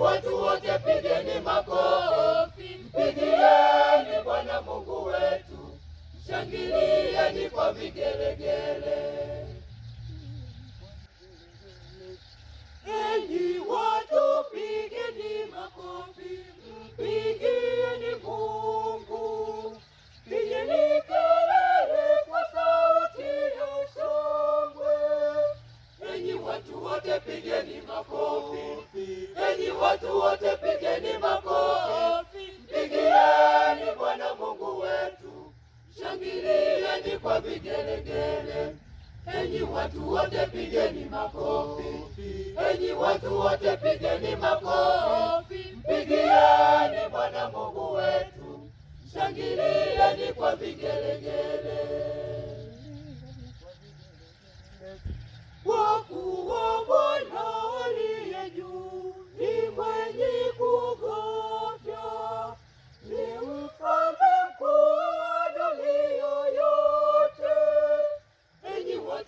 watu wote pigeni makofi, mpigieni Bwana Mungu wetu, shangilieni kwa vigelegele. watu wote pigeni makofi, enyi watu wote pigeni makofi, mpigieni Bwana Mungu wetu, shangilieni kwa vigelegele, enyi watu wote pigeni makofi, enyi watu wote pigeni makofi, mpigieni Bwana Mungu wetu, shangilieni kwa vigelegele.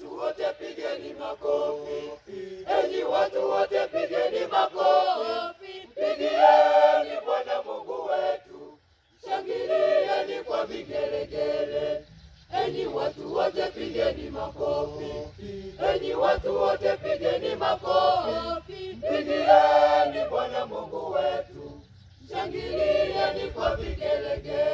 watu wote pigeni makofi. Enyi watu wote pigeni makofi. Mpigieni Bwana Mungu wetu. Shangilieni kwa vigelegele. Enyi watu wote pigeni makofi. Enyi watu wote pigeni makofi. Mpigieni Bwana Mungu wetu. Shangilieni kwa vigelegele.